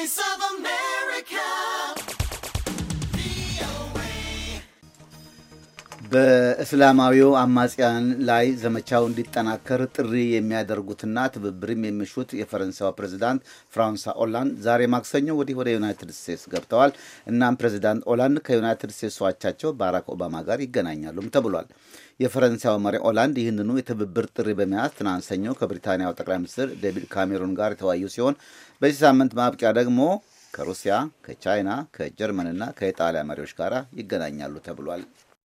voice of a. በእስላማዊው አማጽያን ላይ ዘመቻው እንዲጠናከር ጥሪ የሚያደርጉትና ትብብርም የሚሹት የፈረንሳዊ ፕሬዚዳንት ፍራንሷ ኦላንድ ዛሬ ማክሰኞ ወዲህ ወደ ዩናይትድ ስቴትስ ገብተዋል። እናም ፕሬዚዳንት ኦላንድ ከዩናይትድ ስቴትስ ዋቻቸው ባራክ ኦባማ ጋር ይገናኛሉም ተብሏል። የፈረንሳዊ መሪ ኦላንድ ይህንኑ የትብብር ጥሪ በመያዝ ትናንት ሰኞ ከብሪታንያው ጠቅላይ ሚኒስትር ዴቪድ ካሜሩን ጋር የተወያዩ ሲሆን በዚህ ሳምንት ማብቂያ ደግሞ ከሩሲያ፣ ከቻይና፣ ከጀርመንና ከኢጣሊያ መሪዎች ጋር ይገናኛሉ ተብሏል።